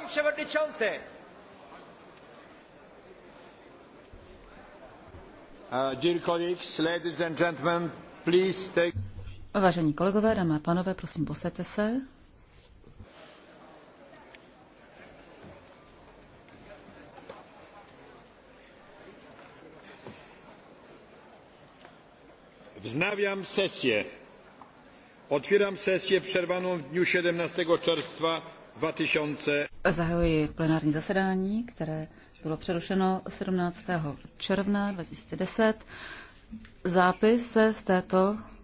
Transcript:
Pan przewodniczący! Uh, Vážení kolegové, dámy a pánové, prosím, posaďte se. Vznávám sesie. Otvírám sesie přervanou v dniu 17 czerwca 2000. Zahajuji plenární zasedání, které bylo přerušeno 17. června 2010. Zápis se z této